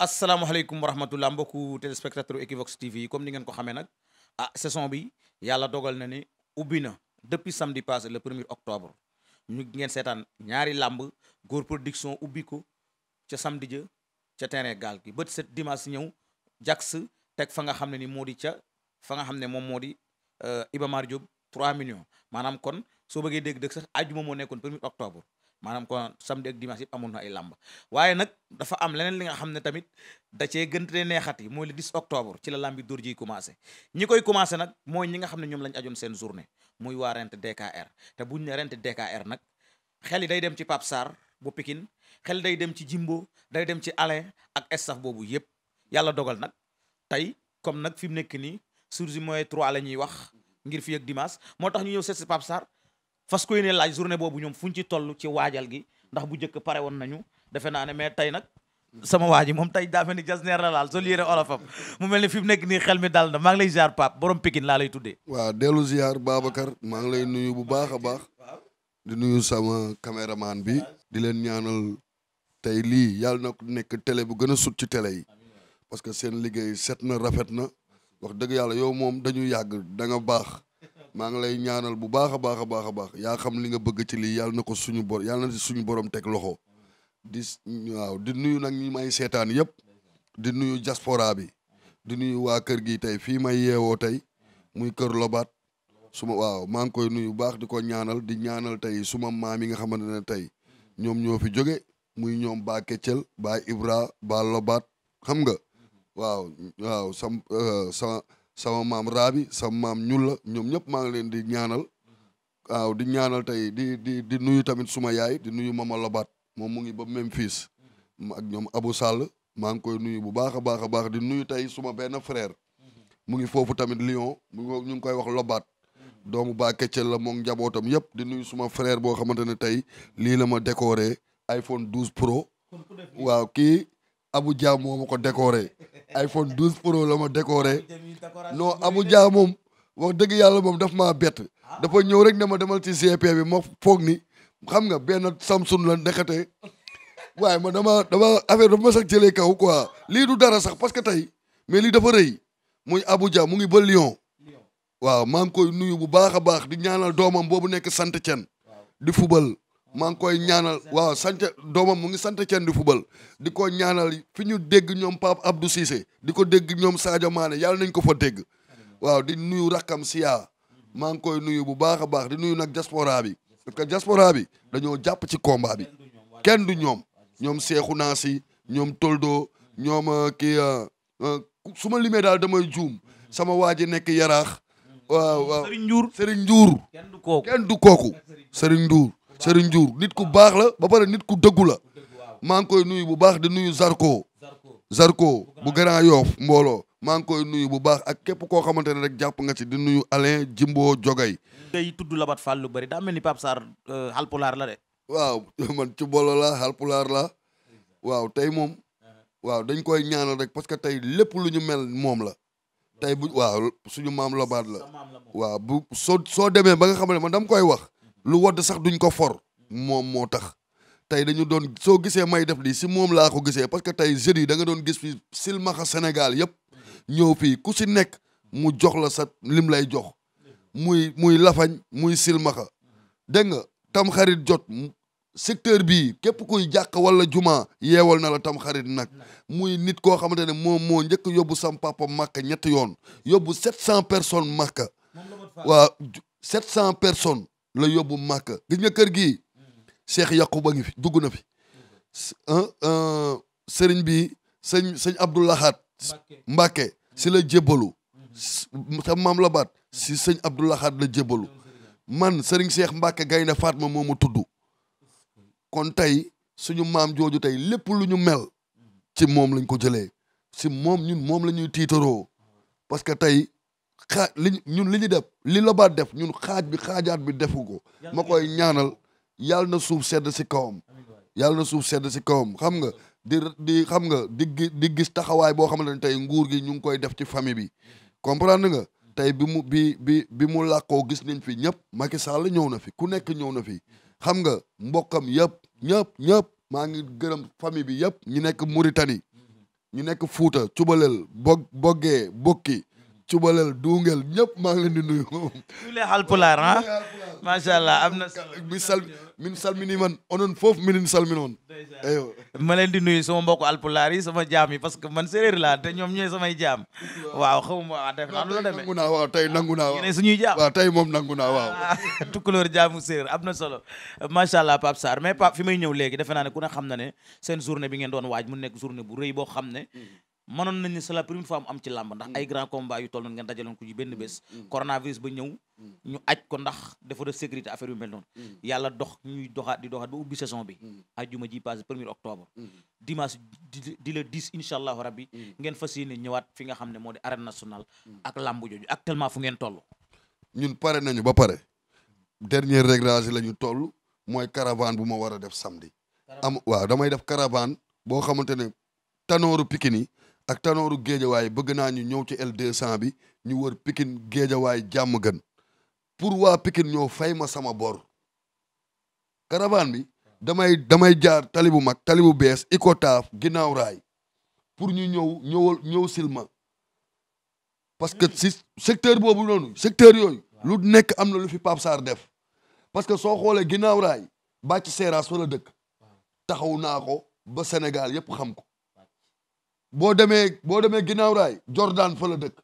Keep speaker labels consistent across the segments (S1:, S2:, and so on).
S1: asalaamaaleykum wa rahmatullah mbokku téléspectateur Equivox TV comme ni ngeen ko xamee nag ah saison bi yàlla dogal na ne ubbi na depuis samedi passé le premier octobre ñu ngeen seetaan ñaari làmb góor production ubbiku ca samedi ja ca terrain gaal gi bët set dimanche ñëw jax teg fa nga xam ne ni moo di ca fa nga xam ne moom moo di euh, Iba Mar Diop 3 millions maanaam kon soo bëggee dégg dëgg sax ajjuma moo nekkoon premier octobre maanaam ko samedi ak dimanche yëpp amoon na ay lamba waaye nag dafa am leneen li nga xam ne tamit da ce gën te neexat yi mooy le 10 octobre ci la làmbi door ji commencé ñi koy commencé nag mooy ñi nga xam ne ñoom lañ ajoon seen journée muy waa rent DKR te buñ ne rent DKR nag xel yi day dem ci Pape saar bu Pikine xel day dem ci Jimbo day dem ci Alain ak staff boobu yëpp yàlla dogal nag tey comme nag fi mu nekk nii jour ji mooy 3 la ñuy wax ngir fiy ak dimanche moo tax ñu ñëw seet si Pape fas ko yéene laaj journée boobu ñoom fu ñu ci tollu ci waajal gi ndax bu jëkk pare woon nañu defe naa ne mais tey nag sama waa moom tey daa mel ni jas neer la laal sol yére olofam mu mel ne fi mu nekk nii xel mi daal na maa ngi lay ziar Pape borom Pikine laa lay tuddee waaw
S2: dellu ziar Babacar maa ngi lay nuyu bu baax a baax di nuyu sama caméraman bi di leen ñaanal tey lii yàlla na ko nekk tele bu gën a sut ci télé yi parce que seen liggéey set na rafet na wax dëgg yàlla yow moom dañu yàgg da nga baax maa ngi lay ñaanal bu baax a baax a baax a baax yaa xam li nga bëgg ci lii yàlla na ko suñu bor yàlla na suñu borom teg loxo di waaw di nuyu nag may seetaan yëpp di nuyu diaspora bi di nuyu waa kër gi tey fii may yeewoo tey muy kër Lobaat suma waaw maa ngi koy nuyu baax di ko ñaanal di ñaanal tey suma maam yi nga xamante ne tey ñoom ñoo fi jóge muy ñoom baa Keccel baa Ibra baa Lobaat xam nga waaw sam euh, sama maam Rabi sama maam ñulla ñoom ñëpp maa ngi leen di ñaanal waaw di ñaanal tey di di di nuyu tamit suma yaay di nuyu mama Lobaat moom mu ngi ba Memphis ak ñoom abu Sall maa ngi koy nuyu bu baax a baax a baax di nuyu tey suma benn frère mu ngi foofu tamit Lyon mu ñu ngi koy wax Lobaat doomu baax keccel la moom njabootam yëpp di nuyu suma frère boo xamante ne tey lii la ma décoré iPhone douze Pro waaw kii Abu Dia moo ko décoré iPhone 12 Pro la ma décoré non Abuja moom wax dëgg yàlla moom daf maa bett dafa ñëw rek ne ma demal ci CP bi ma foog ni xam nga benn Samsung la ndekete waaye ma dama dama affaire dafa ma sax jëlee kaw quoi lii du dara sax parce que tey mais lii dafa rëy muy Abuja mu ngi ba Lyon waaw maa ngi koy nuyu bu baax a baax di ñaana doomam boobu nekk Saint-Étienne di fubal maa ngi koy ñaanal waaw sant doomam mu ngi sant kenn di fubal di ko ñaanal fi ñu dégg ñoom Pape Abdou Cissé di ko dégg ñoom Sadio Mané yàlla nañ ko fa dégg waaw di nuyu rakam Sia maa ngi koy nuyu bu baax a baax di nuyu nag diaspora bi parce que diaspora bi dañoo jàpp ci combat bi kenn du ñoom ñoom Seexu Naasi ñoom Toldo ñoom euh, kii euh, euh, su ma limee daal damay juum sama waa ji nekk yaraax waaw waaw Serigne kenn du kooku Serigne Ndiour Serigne Ndiour nit ku baax la ba pare nit ku dëggu la maa ngi koy nuyu bu baax di nuyu sarko sarko bu Grand Yoff mbooloo maa ngi koy nuyu bu baax ak képp koo xamante ne rek jàpp nga ci di nuyu Alain Jimbo Jogay
S1: day tudd Labat Fall lu bëri daa mel ni Pape Sarr euh, halpulaar la de waaw man ci bolo la halpulaar la waaw tey moom
S2: waaw dañ koy ñaanal rek parce que tey lépp lu ñu mel moom la tey bu waaw suñu maam Labat la waaw bu soo soo demee ba nga xam ne man dam koy wax lu wodd sax duñ ko for moom moo tax tey dañu doon soo gisee may def lii si moom laa ko gisee parce que tey jeunes yi da doon gis fi silmaxa Sénégal yëpp ñëw fii ku si nekk mu jox la sa lim lay jox muy muy lafañ muy silmaxa dégg nga tam xarit jot secteur bii képp kuy jàkk wala jumaa yewal na la tam xarit nag muy nit koo xamante ne moom moo njëkk yóbbu sam papa Makka ñetti yoon yóbbu sept cent personnes Makka waaw sept cent personnes la yóbbu Màkka gis nga kër gii Cheikh Yaquba ngi fi dugg na fi ah, ah, sëriñ bi sëñ sëñ Abdou Lahad Mbàkke si la jébbalu mm-hmm. sa maam la baat si sëñ Abdou Lahad la jébbalu man sëriñ mbakke gayna Gaynde Fatma moo ma tudd kon tey suñu maam jooju tey lépp lu ñu mel ci moom lañ ko jëlee si moom ñun moom la ñuy tiitaroo parce tey li ñun li ñu def li Lobatt def ñun xaaj bi xaajaat bi defu ko ma koy ñaanal yàlla na suuf sedd si kawam yàlla na suuf sedd si kawam xam nga di di xam nga di di gis taxawaay boo xamante ne tey nguur gi ñu ngi koy def ci famille bi comprendre nga tey bi mu bi bi bi mu làkkoo gis nañ fi ñëpp Macky Sall ñëw na fi ku nekk ñëw na fi xam nga mbokkam yëpp ñëpp ñëpp maa ngi gërëm famille bi yëpp ñu nekk tani ñu nekk Fuuta Cubalel bog boggee bokki cubalel duungel ñëpp maa ngi leen di nuyu.
S1: ñu lee Haalpulaar ah. macha allah am na mi sal min salmini man onon foofu minin salminoon eyo ma leen di nuyu ma mbokk Haalpulaar yi sama jaam yi parce que man séeréer laa te ñoom ñooy samay jaam. waaw xaw ma waaw ah, def naa la demee nangu naa waaw tey nangu naa waaw suñuy jaam tey moom nangu naa waaw. Ah, tukkulóor jaamu séeréer am na solo macha allah Pape Sarr mais Pape fi may ñëw léegi defe naa ne ku ne xam na ne seen journée bi ngeen doon waaj mu nekk journée bu rëy boo xam ne mm. manoon nañ ne c'est la première fois mu am ci làmb ndax ay grand combat yu toll noonu ngeen dajaloon ko ci benn bés mm. Mm. coronavirus ba ñëw ñu aj ko ndax dafa de sécurité affaire yu mel noonu mm. yàlla dox ñuy doxaat di doxaat ba ubbi saison bi ajjuma ji passé premier octobre dimanche di le 10 incha allahu rabbi ngeen fas yéene ñëwaat fi nga xam ne moo di arène nationale ak làmb jooju actuellement fu ngeen toll
S2: ñun pare nañu ba pare dernier réglage la ñu toll mooy caravane bu ma war a def samedi am waaw boo xamante ne tanooru Pikine ak tanooru géejawaay bëgg naa ñu ñëw ci L200 bi ñu wër pikkin géejawaay jàmm gën pour waa Pikine ñoo fay ma sama bor caravane bi damay damay jaar tali bu mag tali bu bees Icotaf ginnaaw raay pour ñu ñëw ñëwal ñëw silma parce que si secteur boobu noonu secteur yooyu lu nekk am na lu fi Pape Sarr def parce que soo xoolee ginnaaw raay bàcc seeraas wala dëkk taxaw naa ko ba Sénégal yëpp xam boo demee boo demee ginnaaw raay Jordan fa la dëkk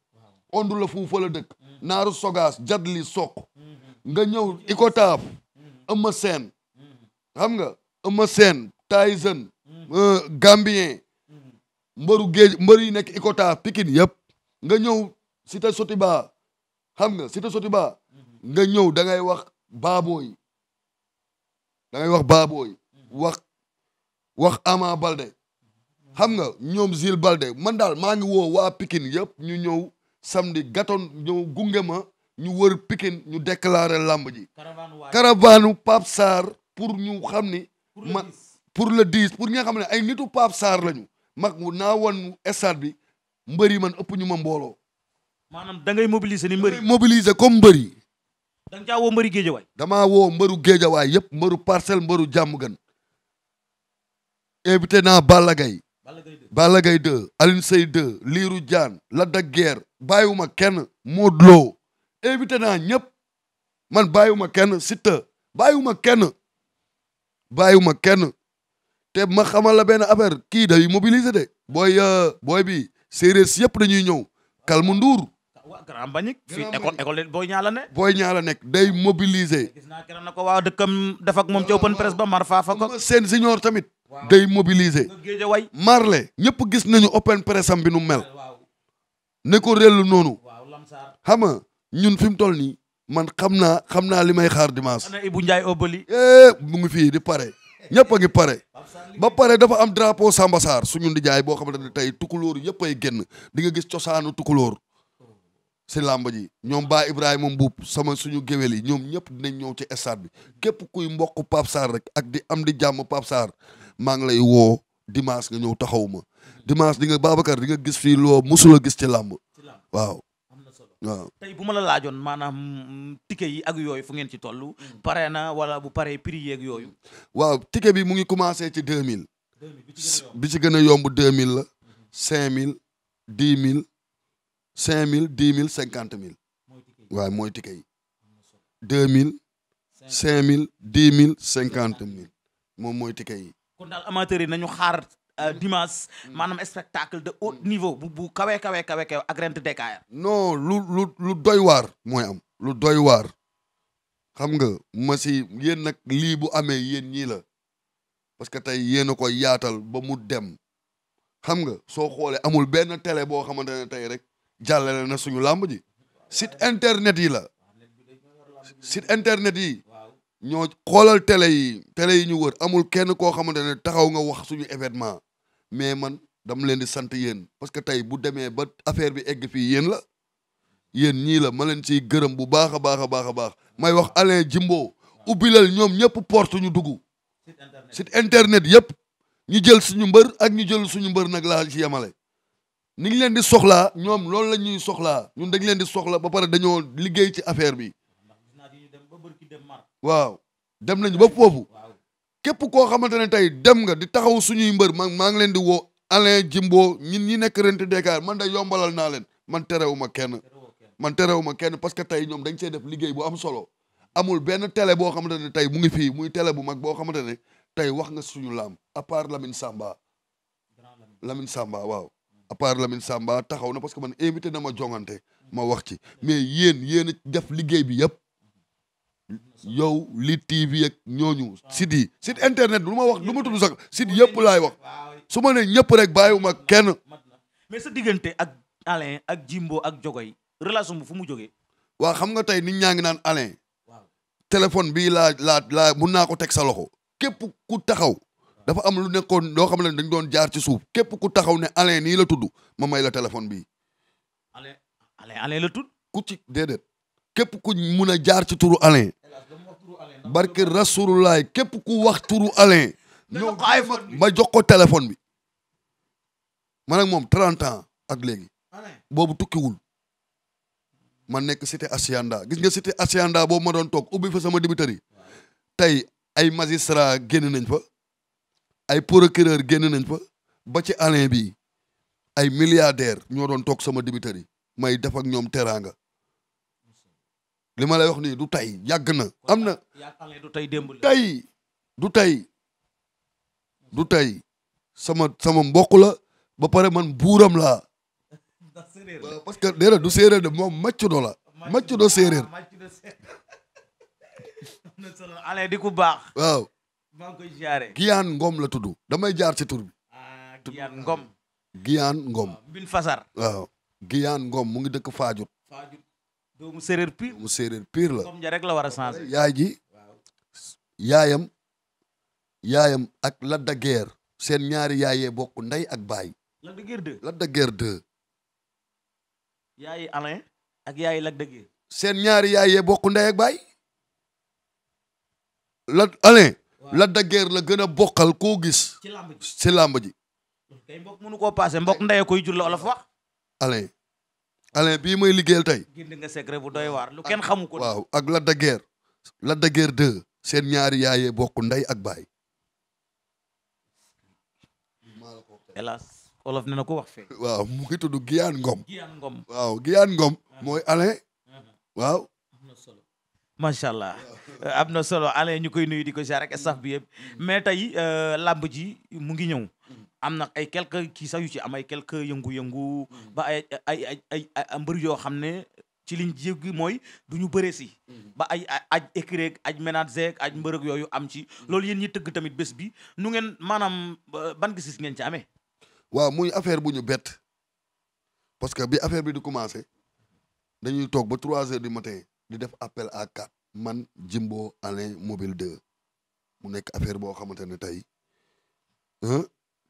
S2: ondu la fu fa dëkk naaru sogaas jadli soq nga ñëw ikotaaf ëmma seen xam nga ëmma seen Tyson euh, Gambien mbëru géej mbër yi nekk ikotaaf Pikine yëpp nga ñëw si Sotiba xam nga nga ñëw da ngay wax baabooy da ngay wax baabooy wax wax Ama Balde xam nga ñoom Zil Balde man daal maa ngi woo waa pikin yëpp ñu ñëw samedi gatoon ñëw gunge ma ñu wër pikin ñu déclarer lamb ji. caravane Pape Sarr pour ñu xam ni. ma pour le 10 pour ñi nga xam ne ay nitu Pape Sarr lañu. mag naa wan stade bi mbër yi man ëpp ñu ma mbooloo. maanaam da ngay mobiliser ni mbëri. mobiliser comme mbëri. da nga caa woo mbëri géejawaay. dama woo mbëru géejawaay yëpp mbëru parcelle mbëru jàmm gan. invité naa Balla Gaye Balla Gaye 2 Alioune Seye 2 Lirou Diane Lac de Guiers kenn Modou Lo invité naa ñëpp man bàyyiwuma kenn Siteu bàyyiwuma kenn bàyyiwuma kenn te ma xamal la benn affaire kii day mobiliser de booy euh, booy bi séeréer yëpp dañuy ñëw Kalmu Ndour
S1: waa grand Mbagnick fii école école booy ñaala ne
S2: booy ñaala nekk day mobiliser gis naa kenn na ko waa dëkkam def ak moom ci open press ba mar faa fa ko seen junior tamit day mobiliser. marle ñëpp gis nañu open press am bi nu mel. ne ko rellu noonu. xam ñun fi mu toll nii man xam naa xam naa li may xaar dimanche. ana Ibou Ndiaye Obali. mu ngi fii di pare ñëpp a ngi pare. ba pare dafa am drapeau Samba Sarr suñu ndijaay boo xam ne tey tukulóor yëpp ay génn di nga gis cosaanu tukulóor. si làmb ji ñoom Ba Ibrahima Mbuub sama suñu géwél yi ñoom ñëpp dinañ ñëw ci stade bi képp kuy mbokk Pape Sarr rek ak di am di jàmm Pape Sarr maa ngi lay woo dimanche nga ñëw taxaw ma dimanche di nga Babacar di nga gis fii loo mosula gis ci làmb waaw waaw
S1: tey bu ma la laajoon maanaam mm, ticket yi ak yooyu fu ngeen ci toll pare na wala bu paree prix yeeg yooyu
S2: waaw ticket bi mu ngi commencé ci deux mille bi ci gën a yomb deux mille la cinq mille dix mille cinq mille dix mille cinquante mille waaw mooy ticket yi mille cinq mille dix mille cinquante mille moom mooy ticket yi
S1: kon daal amateurs yi nañu xaar euh, dimanche maanaam spectacle de haut niveau bu bu kawe kawe kawe kawe ak rent
S2: lu lu lu doy waar mooy am lu doy waar xam nga ma si yéen nag lii bu amee yéen ñii la parce que tey yéen a ko yaatal ba mu dem xam nga soo xoolee amul benn tele boo xamante ne tey rek jàllale na suñu làmb ji site internet yi la site internet yi ñoo xoolal tele yi télé yi ñu wër amul kenn koo xamante ne taxaw nga wax suñu événement mais man dama leen di sant yéen parce que tey bu demee ba affaire bi egg fii yéen la yéen ñii la ma leen ciy gërëm bu baax a baax a baax a baax may wax Alain Jimbo ubbilal ñoom ñëpp porte ñu dugg site internet yëpp ñu jël suñu mbër ak ñu jël suñu mbër nag laa ci yemale ni ngi leen di soxlaa ñoom loolu la ñuy soxlaa ñun dañ leen di soxla ba pare dañoo liggéey ci affaire bi waaw dem nañu ba foofu képp koo xamante ne tey dem nga di taxaw suñuy mbër man maa ngi leen di woo Alain Jimbo ñin ñi nekk rent Dakar man da yombalal naa leen man ma kenn man terewuma kenn parce que tey ñoom dañ cee def liggéey bu am solo amul benn tele boo xamante ne tey mu ngi fii muy tele bu mag boo xamante ne tey wax nga suñu laam à part Lamine Samba Lamine Samba waaw à part Lamine Samba taxaw na parce que man invité na ma jongante ma wax ci mm. mais yéen yéen a def liggéey bi yëpp yow li TV ak ñooñu site yi site internet lu ma wax lu ma tudd sax site yëpp laay wax su ma ne ñëpp rek bàyyiwuma
S1: kenn. mais sa diggante ak Alain ak Jimbo ak Jogoy relation bu fu mu jógee.
S2: waa xam nga tey nit ñaa ngi naan Alain. téléphone bii laa laa laa mun naa ko teg sa loxo. képp ku taxaw dafa am nekkoon loo xam ne dañ doon jaar ci suuf képp ku taxaw ne Alain nii la tudd ma may la téléphone bii. Alain Alain la tudd. ku ci déedéet képp ku mun a jaar ci turu Alain barke rasulullah képp ku wax turu Alain ñëw ma ma jox ko téléphone bi man ak moom 30 ak léegi boobu tukkiwul ma nekk cité Hacienda gis nga cité Hacienda boobu ma doon toog ubbi fa sama dibitari tey ay magistrat génn nañ fa ay procureur génn nañ fa ba ci Alain bi ay milliardaire ñoo doon toog sama dibitari may def ak ñoom teraanga li ma lay wax nii du tey yàgg na am na du tey démb la tey du tey du tey sama sama mbokk la ba pare man buuram laa parce que déedéet du séeréer de moom maccudo la ah, maccudo séeréer ah,
S1: ale di ku baax waaw maa ngi koy jaare
S2: giyaan ngom la tudd damay jaar ci tur bi
S1: ah, giyaan ngom
S2: giyaan ngom bin fasar mu ngi dëkk faajut doomu séeréer pire doomu séeréer pire la. comme ja la war a changé. yaay ji yaayam yaayam ak Lac de seen ñaari yaayee bokk ndey ak baay. Lac de Guiers 2 Lac de seen ñaari yaayee bokk ndey ak baay. Lac Alain. la gën a bokkal koo gis. ci làmb ji ci làmb ji.
S1: tey mbokk mënu koo paase mbokk ndey koy jur la olof
S2: Alain bii mooy liggéeyal tey.
S1: nga secret bu doy waar lu kenn
S2: xamu ko. waaw ak Lac de Guiers. Lac de seen ñaari yaayee bokk ndey ak baay.
S1: hélas olof ko wax fee. waaw mu ngi tudd Giyane Ngom. Giyane waaw Giyane Ngom. mooy Alain. waaw. macha allah am na solo Alain ñu koy nuyu di ko jaar ak bi yëpp mm-hmm. mais tey euh, làmb ji mu ngi ñëw. am na ay quelques kii sax yu ci am ay quelques yëngu-yëngu. ba ay ay ay ay mbër yoo xam ne ci liñ jéggi mooy du ñu bëree si. Mm-hmm. ba ay aj écréek aj ménage aj mbërëg yooyu am ci. Mm-hmm. loolu yéen ñi tëgg tamit bés bi nu ngeen maanaam ban gis-gis ngeen ci amee.
S2: waaw muy affaire bu ñu bett parce que bi affaire bi di commencé dañuy toog ba trois heures du matin di def appel à quatre man Jimbo Alain mobile de mu nekk affaire boo xamante ne tey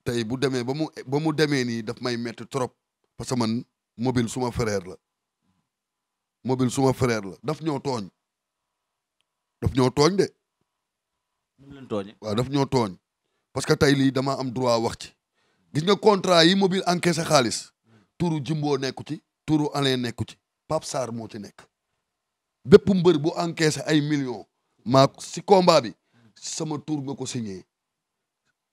S2: tey bu demee ba mu ba mu demee nii daf may metti trop parce que man mobile suma frère la mobile suma frère la daf ñëw tooñ daf ñëw tooñ de. ñu leen tooñee waaw daf ñëw tooñ parce que tey lii damaa am droit wax ci. gis nga contrat yi mobile encaissé xaalis turu jimboo nekku ci turu Alain nekku ci Pape Sarr moo ci nekk bépp mbër bu encaissé ay millions. maa si combat bi sama tur nga ko signé.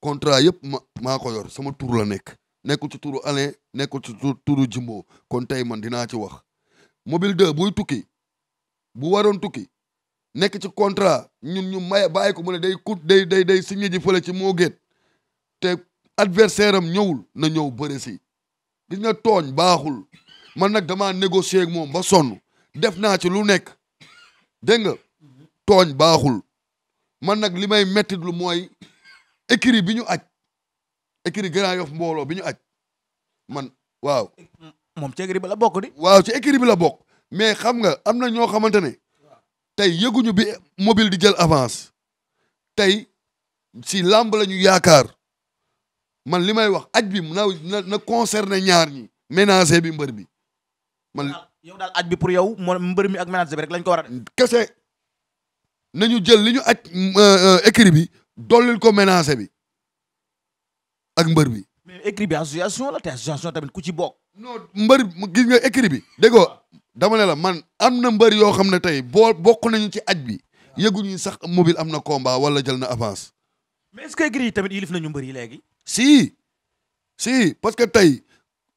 S2: contrat yëpp ma maa ko yor sama tur la nekk nekkul ci turu Alain nekkul ci turu Jimbo kon tey man dinaa ci wax mobile 2 buy tukki bu waroon tukki nekk ci contrat ñun ñu may bàyyi ko mu ne day kut day day day signé ji fële ci mooget géet te adversaire am ñëwul na ñëw bëre si gis tooñ baaxul man nag damaa négocier ak moom ba sonn def naa ci lu nekk dégg nga tooñ baaxul man nag li may mettit lu mooy écurie bi ñu aj écurie Grand Yoff mbooloo bi ñu aj man waaw. moom ci écurie la bokk di. waaw ci écurie bi la bokk mais xam nga am na ñoo xamante ne tey yëguñu bi mobile di jël avance tey si làmb la ñu yaakaar man li may wax aj bi na na na concerné ñaar ñi. ménager bi mbër bi man. yow daal aj bi pour yow mbër mi ak ménager bi rek lañ ko war a def. kese nañu jël li ñu aj euh, euh, écurie bi. dollil ko menacé bi ak mbër bi. mais écrit bi association la te association tamit ku ci bokk. noo mbër gis nga écrit bi. dégg dama ne la man am na mbër yoo xam ne tey boo bokk nañu ci aj bi ñu sax mobile am na combat wala jël na avance.
S1: mais est-ce que écrit yi tamit nañu mbër yi léegi.
S2: si si parce que tey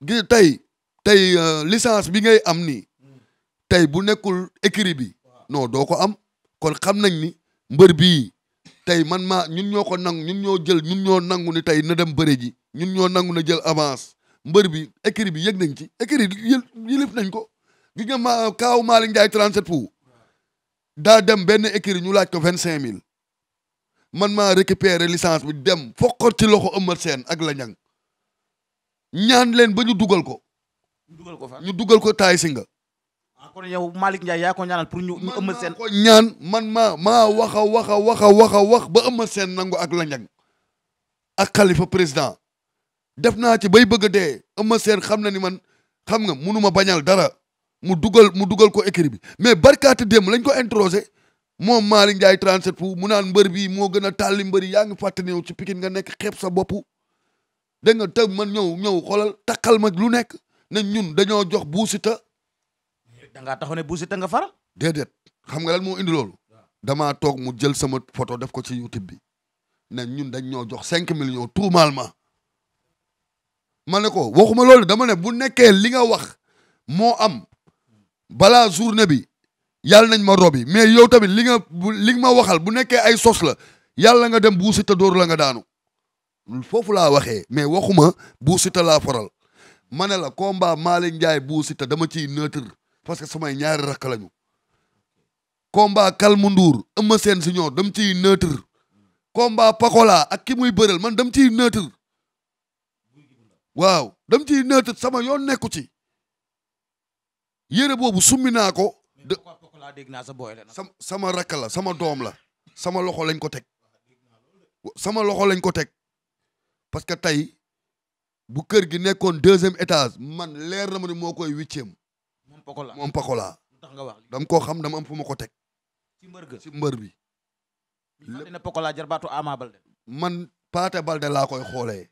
S2: gi tey tey euh, licence bi ngay am nii tey bu nekkul écrit bi non doo ko am kon xam nañ ni mbër bii. tey man maa ñun ñoo ko nangu ñun ñoo jël ñun ñoo nangu ni tey na dem bëre ji ñun ñoo nangu na jël avance mbër bi écrit bi yëg nañ ci écrit yëlif nañ ko gis nga ma kaaw Malick Ndiaye 37 pou daa dem benn écrit ñu laaj ko 25000 man maa récupérer licence bi dem fokkor ci loxo ëmmat seen ak la ñang ñaan leen ba ñu dugal ko. ñu dugal ko fa ñu dugal ko taay si nga kon yow Malick Ndiaye yaa ko ñaanal pour ñu Eumeu Sène man ma ma wax a wax a wax a wax wax ba Eumeu Sène nangu ak la ak xalifa président def naa ci bay bëgg a dee Eumeu seen xam na ni man xam nga munuma bañal dara mu dugal mu dugal ko écrit bi mais barkaati démb lañ ko introsé moom Malick Ndiaye 37 fu mu naan mbër bi moo gën a tàlli mbër yi yaa ngi fàttali yow ci nga nekk xeeb sa bopp dégg man ñëw ñëw xoolal takkal ma lu nekk ne ñun dañoo jox buusita
S1: da ngaa taxaw ne Bou Siteu nga
S2: faral. déedéet xam nga lan moo indi loolu. dama toog mu jël sama photo def ko ci YouTube bi na ñun dañ ñoo jox cinq millions tout malement ma ne ko waxuma lool dama ne bu nekkee li nga wax moo am balaa journée bi yàlla nañ ma robi mais yow tamit li nga li nga ma waxal bu nekkee ay sos la yàlla nga dem Bou Siteu door la nga daanu foofu laa waxee mais waxuma Bou Siteu laa faral ma ne la combat Malick Ndiaye Bou Siteu dama ci neutre parce que samay ñaari rakk lañu combat Kalmu Ndour Eumeu Sène Junior dem ciy neutre combat Pakola ak ki muy man dem ciy neutre waaw dam ciy neutre sama yoon nekku ci yére boobu summi naa ko de sama sama rakk la sama doom la sama loxo lañ ko teg sama loxo lañ ko teg parce que tey bu kër gi nekkoon deuxième étage man leer na ma ne moo koy huitième
S1: Pokola moom Pokola. tax nga wax
S2: dama koo xam dama am fu ma ko teg.
S1: ci mbër ga mbër bi. lépp ne Pokola Ama Balde.
S2: man Paate Balde laa koy xoolee.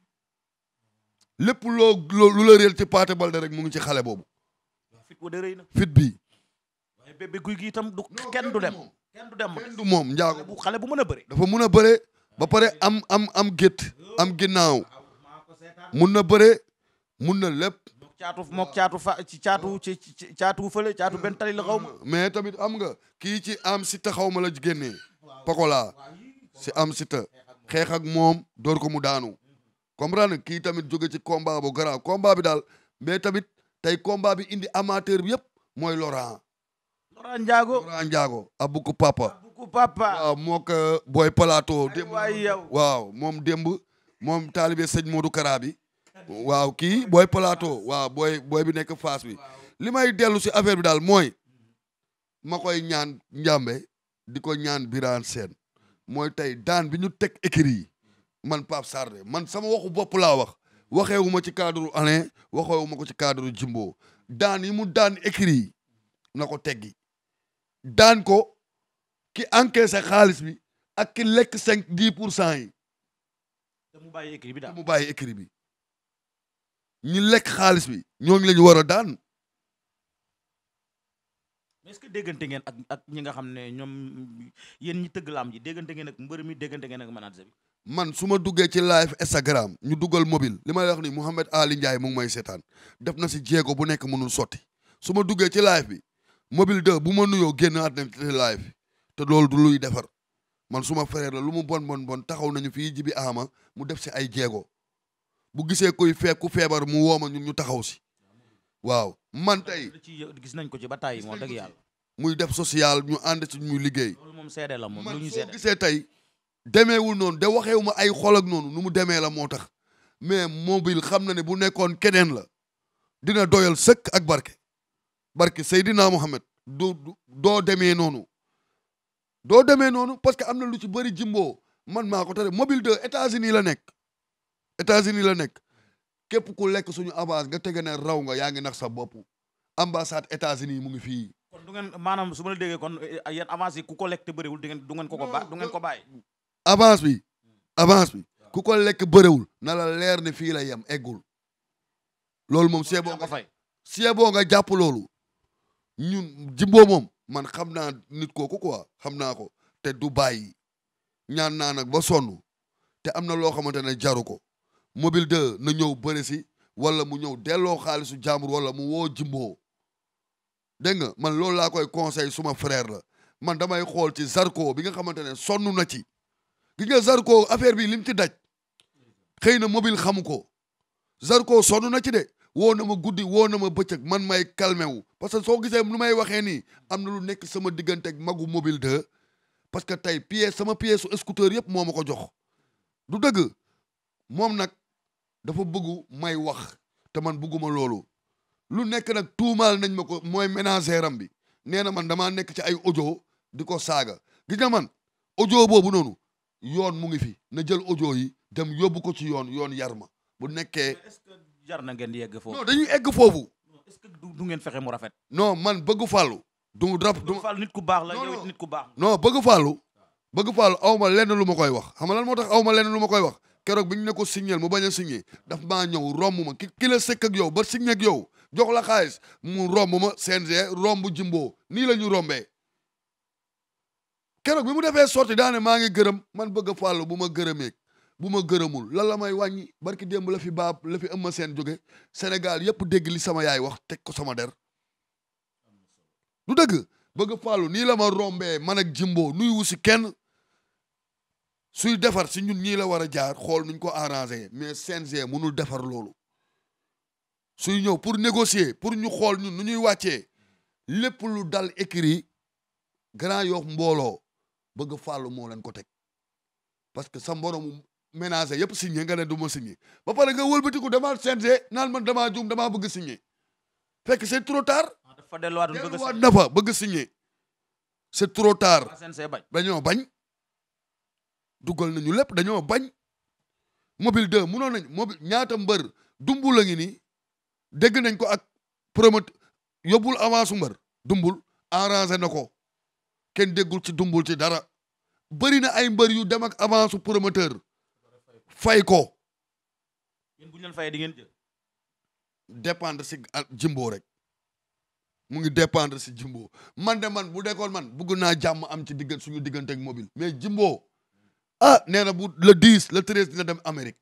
S2: lépp loo lu la ci Paate Balde rek mu ngi ci xale boobu. fit wa na fit bi. waaye bébé itam du kenn du dem. du dem kenn moom njaago bu xale bu mën a bëre. dafa mën a bëre ba pare am am am gétt ginnaaw mun na bëre mun na lépp. caatu mook caatu fa ci caatu ci caatu fële caatu benn tali la xaw ma mm, mais tamit am nga kii ci am si taxaw ma la génnee Pokola si am si ta xeex moom door ko mu daanu mm-hmm. comprendre kii tamit joge ci combat bu garaaw bi daal mais tamit tey combat bi indi amateur bi yëpp mooy Laurent Laurent Ndiago Laurent Ndiago abuku papa abuku papa waaw moo ko euh, moom démb moom taalibe sëñ Modou Kara bi waaw kii booy plateau waaw booy bi nekk face bi li may dellu si affaire bi daal mooy ma koy ñaan njàmbe di ko ñaan biraan seen mooy tey daan bi ñu teg écrit yi man Pape Sarr man sama waxu bopp laa wax waxeewu ma ci cadre Alain waxeewu ma ko ci cadre Jimbo daan yi mu daan écrit yi na ko teggi daan ko ki encaissé xaalis bi ak ki lekk cinq dix pour cent yi. te mu bàyyi bi daal mu bàyyi écrit bi. ñi lekk xaalis bi ñoo ngi la ñu war a daan.
S1: mais est-ce que déggante ngeen ak ak ñi nga xam ne ñoom yéen ñi tëgg laam ji déggante ngeen ak mbër mi déggante ngeen ak manager bi.
S2: man su ma duggee ci live Instagram ñu dugal mobile li may wax ni Mouhamed Ali Ndiaye mu seetaan def na si jéego bu nekk mënul sotti su ma duggee ci live bi mobile 2 bu ma nuyoo génn at nañ bi te loolu du luy defar man suma frère la lu mu bon bon bon taxaw nañu fii jibi aama mu def si ay jéego. bu gisee koy fee ku feebar mu wooma ñun ñu taxaw si waaw
S1: man tey gis nañ ko ci ba tàyyi moo dëgg yàlla
S2: muy def social ñu ànd ci ñu liggéey loolu
S1: moom seede la moom lu ñu gisee
S2: tey demeewul noonu da waxeewu ma ay xol ak noonu nu mu demee la moo tax mais mobile xam na ne bu nekkoon keneen la dina doyal sëkk ak barke barke Seydina Mohamed doo doo demee noonu doo demee noonu parce que am na lu ci bëri jimboo man maa ko tere mobile de États-Unis la nekk États-Unis la nekk képp ku lekk suñu avance nga tege ne raw nga yaa ngi nax sa bopp ambassade États-Unis mu ngi fii.
S1: kon du ngeen maanaam su ma la déggee kon eh, yéen avance yi ku ko lekk te bëriwul du ngeen du ko ko ba
S2: avance bi avance bi ku ko lekk bëriwul
S1: na la leer ne fii la yem eggul
S2: loolu moom see boo nga fay see nga jàpp loolu ñun Jimbo moom man xam naa nit kooku quoi xam naa ko te du bàyyi ñaan naa nag ba sonnu te am na loo xamante ne jaru ko. mobile 2 na ñëw bëri si wala mu ñëw delloo xaalisu jàmbur wala mu woo jimboo dégg nga man loolu laa koy conseil suma frère la man damay xool ci Zarko bi nga xamante ne sonn na ci gi nga Zarko affaire bi lim ci daj xëy na mobile xamu ko Zarko sonn na ci de woo na ma guddi woo na ma bëccëg man may calmé wu parce que soo gisee nu may waxee nii am na lu nekk sama diggante magu mobile 2 parce que tey pièce sama pièce su scooter yëpp moo ma ko jox du dëgg moom nag dafa bëggu may wax te man bëgguma loolu lu nekk nag mal nañ ma ko mooy ménagère am bi nee man damaa nekk ci ay audio di ko saaga gis nga man audio boobu noonu yoon mu ngi fi na jël audio yi dem yóbbu ko ci yoon yoon yar ma bu nekkee. est-ce que
S1: jar na ngeen yegg foofu. non egg
S2: foofu. est-ce que ngeen fexe mu rafet. non man bëgg fàllu du rap
S1: du fàllu nit ku baax la yow nit ku baax.
S2: non bëgg fàllu bëgg fàllu aw ma lenn lu ma koy wax xam nga lan moo tax aw ma lenn lu ma koy wax. keroog bi ñu ne ko signé mu baña a signé daf maa ñëw romb ma ki ki la yow ba signé ak yow jox la xaalis mu romb ma CNG romb jimboo nii la ñu rombee. keroog bi mu defee sorti daane maa ngi gërëm man bëgg a fàllu bu ma gërëmee bu ma gërëmul lan la may wàññi barki démb la fi baab la fi ëmma seen jóge senegal yëpp dégg li sama yaay wax teg ko sama der du dëgg bëgg fàllu nii la ma rombee man ak Jimbo nuyu wu si kenn suy defar si ñun ñii la war a jaar xool nuñ ko arrangé mais CNG mënul defar loolu suy ñëw pour négocier pour ñu xool ñun nu ñuy wàccee lépp lu dal écrit Grand Yoff mbooloo bëgg fàllu moo leen ko teg parce que sa mboroomu ménager yëpp signé nga ne du si signé ba pare nga wëlbatiku demaat CNG naan man damaa juum damaa bëgg signé fekk c'est trop tard. Ah, dafa delluwaat na fa bëgg signé. c'est trop tard. dañoo ah, bañ. dugal nañu lépp dañoo bañ mobile 2 munoon nañ mobile ñaata mbër dumbul la ngi dégg nañ ko ak promoteur yóbbul avance su mbër dumbul arrangé na ko kenn déggul ci dumbul ci dara bëri na ay mbër yu dem ak avance su promoteur fay ko.
S1: yéen bu di ngeen jël.
S2: dépendre si jimbo rek mu ngi dépendre si jimbo man de man bu dekkoon man bugg naa jàmm am ci diggan suñu diggante ak mais jimbo. ah nee na bu le 10 le 13 dina dem Amérique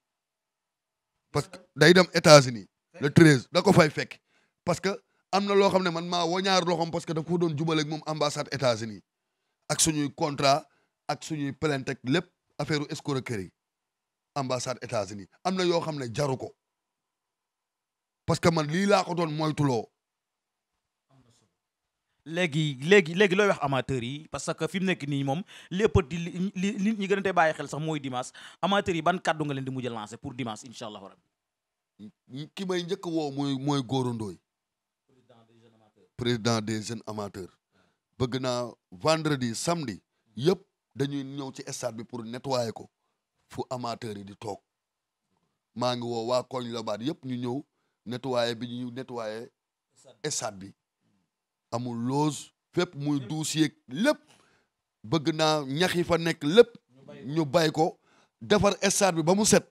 S2: parce que day dem États-Unis le 13 da ko fay fekk parce que am na loo xam ne man maa wañaar loxoom parce que da ko doon jubaleeg moom ambassade États-Unis ak suñuy contrat ak suñuy plainte ak lépp affaire escroquerie ambassade États-Unis am na yoo xam ne jaru ko parce que man lii laa ko doon moytuloo
S1: léegi léegi léegi looy wax amateurs yi parce que fi mu nekk nii moom lépp di li li ñu gën tey bàyyi xel sax mooy dimanche amateurs yi ban kàddu nga leen di mujj lancer pour dimanche incha allahu
S2: rabbi ki may njëkk woo mooy mooy Gora président des jeunes amateurs bëgg naa vendredi samedi yëpp dañuy ñëw ci stade bi pour nettoyer ko fu amateurs yi di toog maa ngi woo waa koñ la baat yëpp ñu ñëw nettoyer bi ñu nettoyer stade bi amul loos fépp muy duus yeeg lépp bëgg naa ñax yi fa nekk lépp ñu bàyyi ko defar stade bi ba mu set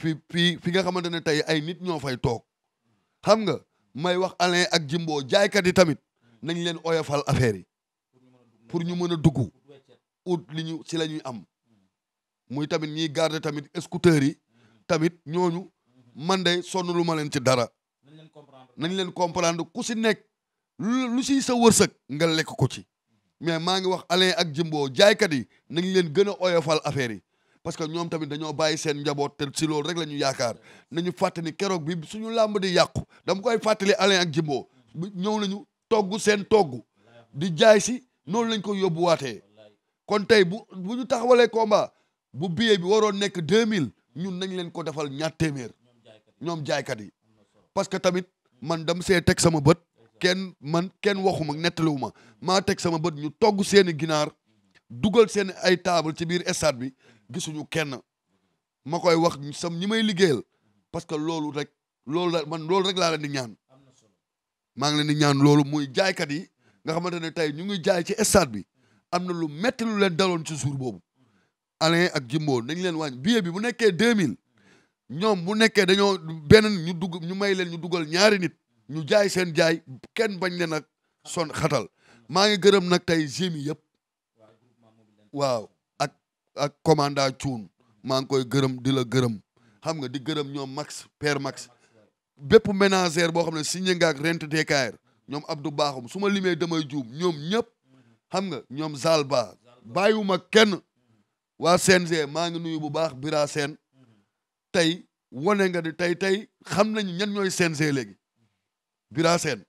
S2: fi fi fi nga xamante ne tey ay nit ñoo fay toog xam nga may wax Alain ak Jimbo jaaykat yi tamit nañ leen oyofal affaire yi pour ñu mën a dugg ut li ñu si la ñuy am muy tamit ñuy garder tamit scooters yi tamit ñooñu man de sonn ma leen ci dara nañ leen comprendre ku si nekk lu siy sa wërsëg nga lekk ko ci mais maa ngi wax Alain ak Jimbo jaaykat yi nañ leen gën a oyofal affaire yi parce que ñoom tamit dañoo bàyyi seen njaboot te si loolu rek la ñu yaakaar nañu fàttali keroog bi suñu làmb di yàqu dama koy fàttali Alain ak jimboo Jimbo ñëw nañu togg seen togg di jaay si noonu lañ ko yóbbuwaatee kon tey bu bu ñu taxawalee combat bu billet bi waroon nekk 2000 ñun nañ leen ko defal ñaar téeméer ñoom jaaykat yi parce que tamit man dam see teg sama bët kenn man kenn waxuma nettaliwuma maa teg sama bët ñu togg seeni ginaar dugal seen ay table ci biir stade bi gisuñu kenn ma koy wax sam ñi may liggéeyal parce que loolu rek loolu la man loolu rek laa leen di ñaan maa ngi leen di ñaan loolu muy jaaykat yi nga xamante ne tey ñu ngi jaay ci stade bi am na lu metti leen daloon ci suur boobu Alain ak Jimbo nañ leen wàññi billet bi bu nekkee deux mille ñoom bu nekkee dañoo beneen ñu dugg ñu may leen ñu dugal ñaari nit ñu jaay seen jaay kenn bañ leen nag son xatal maa ngi gërëm nag tay gémi yëpp waaw ak ak commandant maa ngi koy gërëm di la gërëm xam nga di gërëm ñoom Max père Max bépp ménagère boo xam ne si nga ak rent DKR ñoom Abdou Bakhoum su ma limee damay juum ñoom ñëpp xam nga ñoom Zalba bàyyiwuma kenn waa CNG maa ngi nuyu bu baax Bira seen tey wane nga di tey tey xam nañu ñan ñooy CNG léegi Bira Sène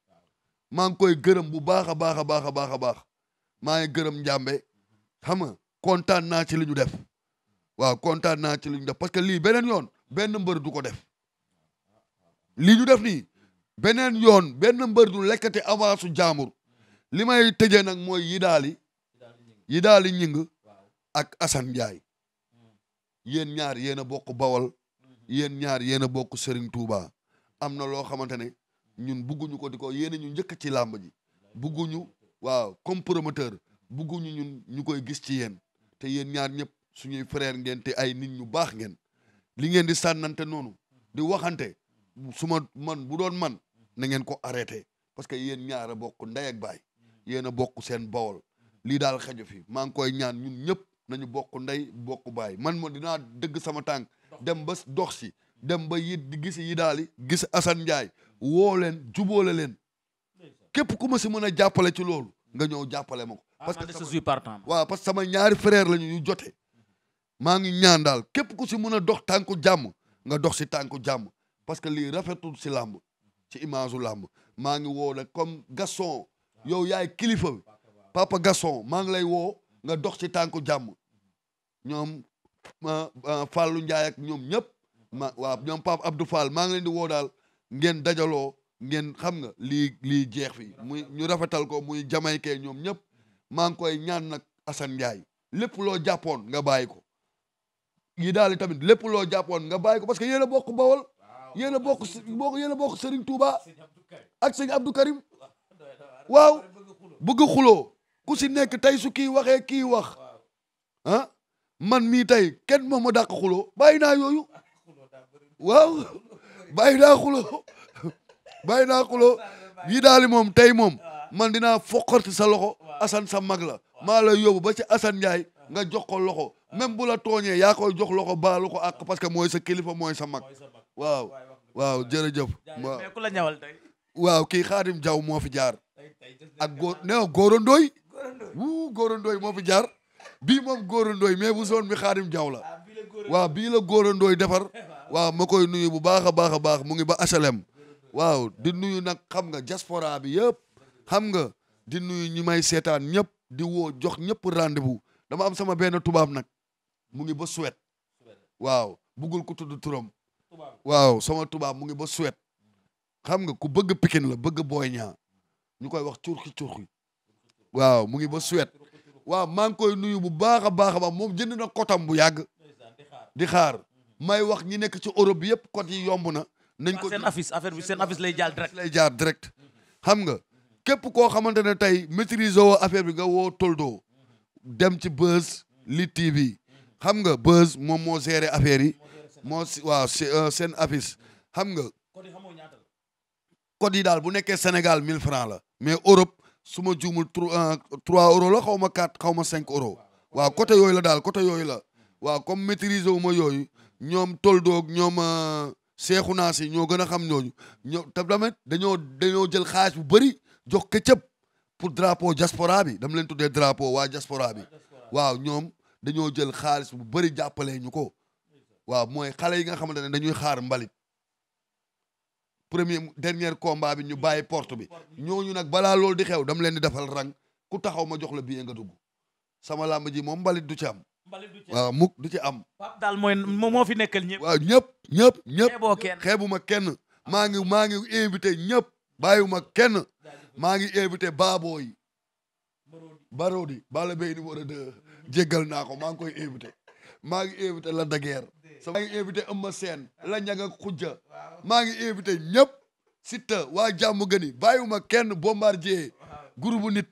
S2: maa ngi koy gërëm bu baax a baax a baax a baax a baax maa ngi gërëm njàmbe xam nga kontaan naa ci li ñu def waaw kontaan naa ci li ñu def parce que lii beneen yoon benn mbër du ko def lii ñu def nii beneen yoon benn mbër du lekkati avance su jaamur li may tëjee nag mooy yi daali yi daali ñing ak Assane Ndiaye yéen ñaar yéen a bokk Bawal yéen ñaar yéen a bokk Serigne Touba am na loo xamante ne ñun bugguñu ko di ko yéen ñu njëkk ci làmb ji bugguñu waaw comme promoteur bugguñu ñun ñu koy gis ci yéen te yéen ñaar ñëpp suñuy frère ngeen te ay nit ñu baax ngeen li ngeen di sànnante noonu di waxante suma man bu doon man na ngeen ko arrêté parce que yéen ñaar a bokk ndey ak baay yéen a bokk seen bawol lii daal xaju fi maa ngi koy ñaan ñun ñëpp nañu bokk ndey bokk baay man moo dinaa dëgg sama tànk dem ba dox dem ba yit di gis yi daali gis Assane Ndiaye woo leen jubóole leen képp ku ma si mën a jàppale ci loolu nga ñëw jàppale ma ko ah, parce que je suis partant waaw parce que sama ñaari frère la ñu ñu jote maa ngi ñaan daal képp ku si mën a dox tànku jàmm nga dox si tànku jàmm parce que lii rafetul si làmb ci image u làmb maa ngi woo comme Gaston yow yaay kilifa bi papa Gaston maa ngi lay woo nga dox si tànku jàmm ñoom Fallou Ndiaye ak ñoom ñëpp ma waaw ñoom Pape Abdou Fall maa ngi leen di woo daal ngeen dajaloo ngeen xam nga lii lii jeex fi muy ñu rafetal ko muy jamaykee ñoom ñëpp maa ngi koy ñaan nag Assane Ndiaye lépp loo jàppoon nga bàyyi ko yi daal tamit lépp loo jàppoon nga bàyyi ko parce que yéen a bokk Bawol yéen a bokk yéen a bokk Serigne Touba ak sëñ Abdou Karim waaw bëgg xuloo ku si nekk tey su kii waxee kii wax ah man mii tey kenn moom ma dàq xuloo bàyyi naa yooyu waaw bàyyi naa xuloo naa xuloo yi daali moom tey moom man dinaa foqarti sa loxo Assane sa mag la maa lay yóbbu ba ci Assane Ndiaye nga jox ko loxo même bu la tooñee yaa koy jox loxo baalu ko ak parce que mooy sa kilifa mooy sa mag waaw waaw jërëjëf waaw ku la tey waaw kii Xaadim Jaw moo fi jaar ak góor ne góorandooy wuu góorandooy moo fi jaar bii moom góorandooy mais bu zone bi Xaadim Jaw la ah, waaw bii la góorandooy defar waaw ma koy nuyu bu baax a baax a baax mu ngi ba HLM waaw di nuyu nag xam nga diaspora bi yëpp xam nga di nuyu ñi may seetaan ñëpp di woo jox ñëpp rendez-vous dama am sama benn tubaab nag mu ngi ba Suède waaw buggul ku tudd turam waaw sama tubaab mu ngi ba Suède xam nga ku bëgg Pikine la bëgg booy Niang ñu koy wax curxi curxi waaw mu ngi ba Suède waaw maa ngi koy nuyu bu baax a baax a baax moom jënd na kotam bu yàgg di xaar may wax ñi nekk ci Europe bi yëpp côté yi yomb na. nañ
S1: ko seen affiche affaire bi
S2: seen affiche lay jaar lay jaar direct xam nga képp koo xamante ne tey maîtriser woo affaire bi nga woo Toldo dem ci Buzz li TV xam nga Buzz moom moo gérer affaire yi moo si waaw euh, seen affiche xam nga. code yi daal bu nekkee Sénégal 1000 francs la mais Europe suma jumul juumul trois euh, trois euros la xaw ma quatre xaw ma cinq euros waaw côté yooyu la daal côté yooyu la waaw comme maîtriser wu ma yooyu ñoom toldoog ñoom euh, seexu naa si ñoo gën a xam ñooñu ñoo te tamit dañoo dañoo jël xaalis bu bari jox këccëb pour drapeau diaspora bi dam leen tuddee drapeau waa diaspora bi waaw ñoom dañoo jël xaalis bu bari jàppalee ñu ko waaw mooy xale yi nga xamante ne dañuy xaar mbalit premier dernier combat bi ñu bàyyi porte bi ñooñu nag balaa loolu di xew dam leen di defal rang ku taxaw ma jox la billet nga dugg sama làmb ji moom mbalit du ci am waaw mukk du ci am. Pape daal moo fi nekkal ñëpp. waaw ñëpp ñëpp ñëpp. xeeboo kenn xeebuma kenn. maa ngi maa ngi invité ñëpp. ma kenn. maa ngi invité baaboo yi. Barodi Balla Beye numéro 2. jéggal naa ko maa ngi koy invité. maa ngi invité la de Guiers. maa ngi invité Eumeu Sène. la ñaga xujja. maa ngi invité ñëpp. Siteu waa jàmm gëni ma kenn Bombardier. groupe nit.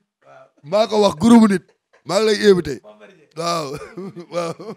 S2: maa ko wax groupe nit. maa lay invité. waaw waaw.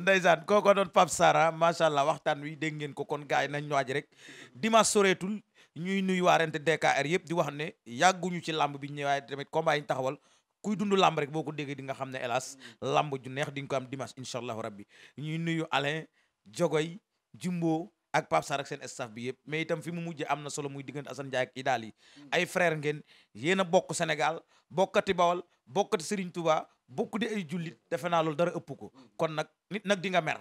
S1: Ndeysaan kooko doon Pape Sara macha allah waxtaan wi dégg ngeen ko kon gars yi nañ waaj rek dimanche soreetul ñuy nuyu waa rente DKR yëpp di wax ne yàgguñu ci làmb bi ñëwaay tamit combat yi ñu taxawal kuy dund lamb rek boo ko déggee di nga xam ne hélas lamb ju neex di nga ko am dimanche incha allahu rabbi ñuy nuyu Alain Jogoy Jumbo ak Pape Sarr ak seen staff bi yëpp mais itam fi mu mujj am na solo muy diggante Assane Ndiaye ak i yi ay frère ngeen yéen a bokk Sénégal bokkati Bawol bokkati Serigne Touba bokk di ay jullit defe naa loolu dara ëpp ko kon nag nit nag di nga mer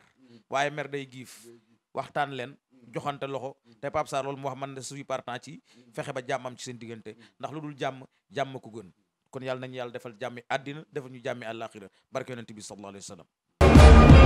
S1: waaye mer day giif waxtaan leen joxante loxo te Pape Sarr loolu moo xam ne suñu partant ci fexe ba jàmmam ci seen diggante ndax lu dul jàmm jàmm ko gën kon yàlla nañu yàlla defal jàmmi àddina defal ñu jàmmi àllaaxira barke yonent bi sallallahu alayhi wa sallam